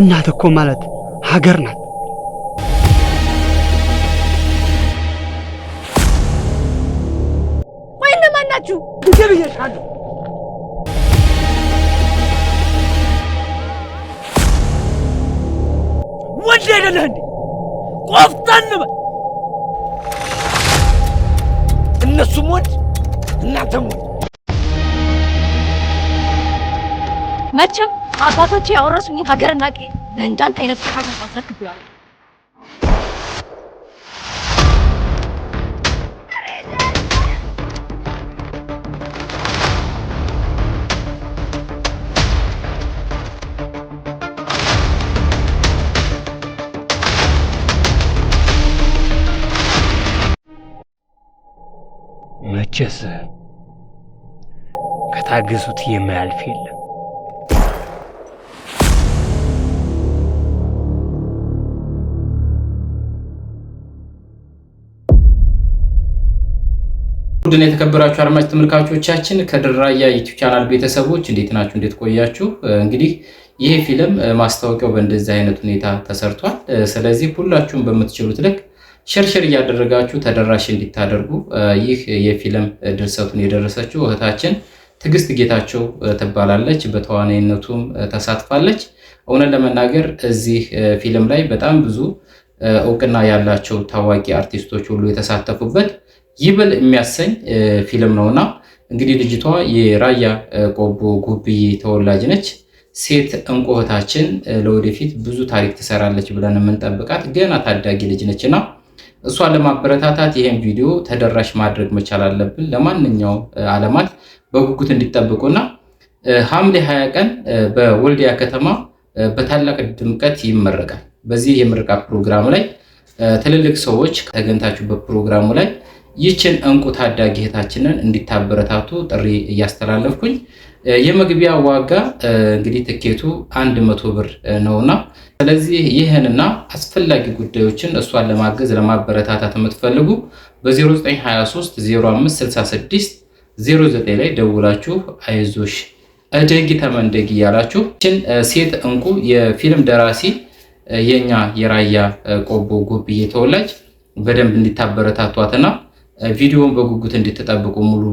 እናት እኮ ማለት ሀገር ናት። ወይ ወንድ አይደለህ እንዴ? ቆፍጠን በል። እነሱም ወንድ እናንተም ወንድ መቼም አባቶች ያወረሱኝ ሀገርና ቄ ለእንዳንተ አይነት ሀገር ማስረክብያል። መቼስ ከታገሱት የማያልፍ የለም። ቡድን የተከበራችሁ አድማጭ ተመልካቾቻችን ከድራያ ዩቲዩብ ቻናል ቤተሰቦች እንዴት ናችሁ? እንዴት ቆያችሁ? እንግዲህ ይሄ ፊልም ማስታወቂያው በእንደዚህ አይነት ሁኔታ ተሰርቷል። ስለዚህ ሁላችሁም በምትችሉት ልክ ሸርሸር እያደረጋችሁ ተደራሽ እንዲታደርጉ ይህ የፊልም ድርሰቱን የደረሰችው እህታችን ትዕግስት ጌታቸው ትባላለች። በተዋናይነቱም ተሳትፋለች። እውነት ለመናገር እዚህ ፊልም ላይ በጣም ብዙ እውቅና ያላቸው ታዋቂ አርቲስቶች ሁሉ የተሳተፉበት ይበል የሚያሰኝ ፊልም ነውና እንግዲህ ልጅቷ የራያ ቆቦ ጉብዬ ተወላጅ ነች። ሴት እንቁ እህታችን ለወደፊት ብዙ ታሪክ ትሰራለች ብለን የምንጠብቃት ገና ታዳጊ ልጅ ነችና እሷን ለማበረታታት ይህን ቪዲዮ ተደራሽ ማድረግ መቻል አለብን። ለማንኛውም ዓለማት በጉጉት እንዲጠብቁና ሐምሌ 20 ቀን በወልዲያ ከተማ በታላቅ ድምቀት ይመረቃል። በዚህ የምረቃ ፕሮግራም ላይ ትልልቅ ሰዎች ተገኝታችሁ በፕሮግራሙ ላይ ይችን እንቁ ታዳጊ እህታችንን እንዲታበረታቱ ጥሪ እያስተላለፍኩኝ የመግቢያ ዋጋ እንግዲህ ትኬቱ አንድ መቶ ብር ነውና ስለዚህ ይህንና አስፈላጊ ጉዳዮችን እሷን ለማገዝ ለማበረታታት የምትፈልጉ በ0923 0566 09 ላይ ደውላችሁ አይዞሽ እደጊ ተመንደጊ እያላችሁ ችን ሴት እንቁ የፊልም ደራሲ የኛ የራያ ቆቦ ጉብዬ ተወላጅ በደንብ እንዲታበረታቷትና ቪዲዮውን በጉጉት እንድትጠብቁ ሙሉ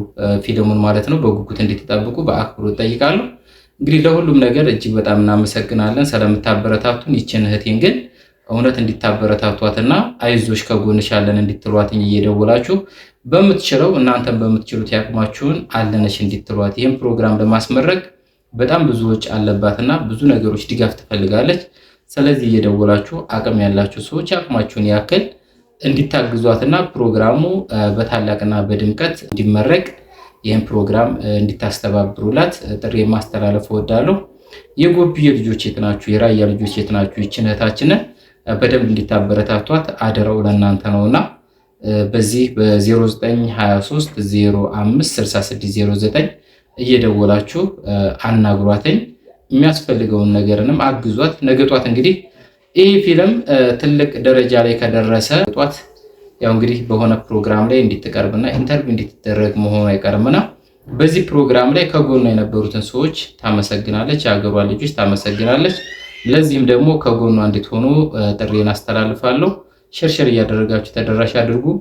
ፊልሙን ማለት ነው በጉጉት እንድትጠብቁ በአክብሮት ጠይቃለሁ። እንግዲህ ለሁሉም ነገር እጅግ በጣም እናመሰግናለን ስለምታበረታቱን። ይችን እህቴን ግን እውነት እንዲታበረታቷትና አይዞች ከጎንሽ ያለን እንዲትሏትኝ እየደወላችሁ በምትችለው እናንተን በምትችሉት ያቅማችሁን አለነሽ እንዲትሏት። ይህም ፕሮግራም ለማስመረቅ በጣም ብዙ ወጪ አለባትና ብዙ ነገሮች ድጋፍ ትፈልጋለች። ስለዚህ እየደወላችሁ አቅም ያላችሁ ሰዎች አቅማችሁን ያክል እንዲታግዟትና ፕሮግራሙ በታላቅና በድምቀት እንዲመረቅ ይህን ፕሮግራም እንዲታስተባብሩላት ጥሪ ማስተላለፍ እወዳለሁ። የጎብዬ ልጆች የት ናችሁ? የራያ ልጆች የት ናችሁ? ይችን በደንብ እንዲታበረታቷት አደራው ለእናንተ ነውና በዚህ በ 0923056609 እየደወላችሁ አናግሯትኝ። የሚያስፈልገውን ነገርንም አግዟት። ነገጧት እንግዲህ ይህ ፊልም ትልቅ ደረጃ ላይ ከደረሰ ጧት ያው እንግዲህ በሆነ ፕሮግራም ላይ እንዲትቀርብና ኢንተርቪው እንዲትደረግ መሆኑ አይቀርምና በዚህ ፕሮግራም ላይ ከጎኗ የነበሩትን ሰዎች ታመሰግናለች፣ የሀገሯ ልጆች ታመሰግናለች። ለዚህም ደግሞ ከጎኗ እንድትሆኑ ጥሪ አስተላልፋለሁ። ሽርሽር እያደረጋችሁ ተደራሽ አድርጉ።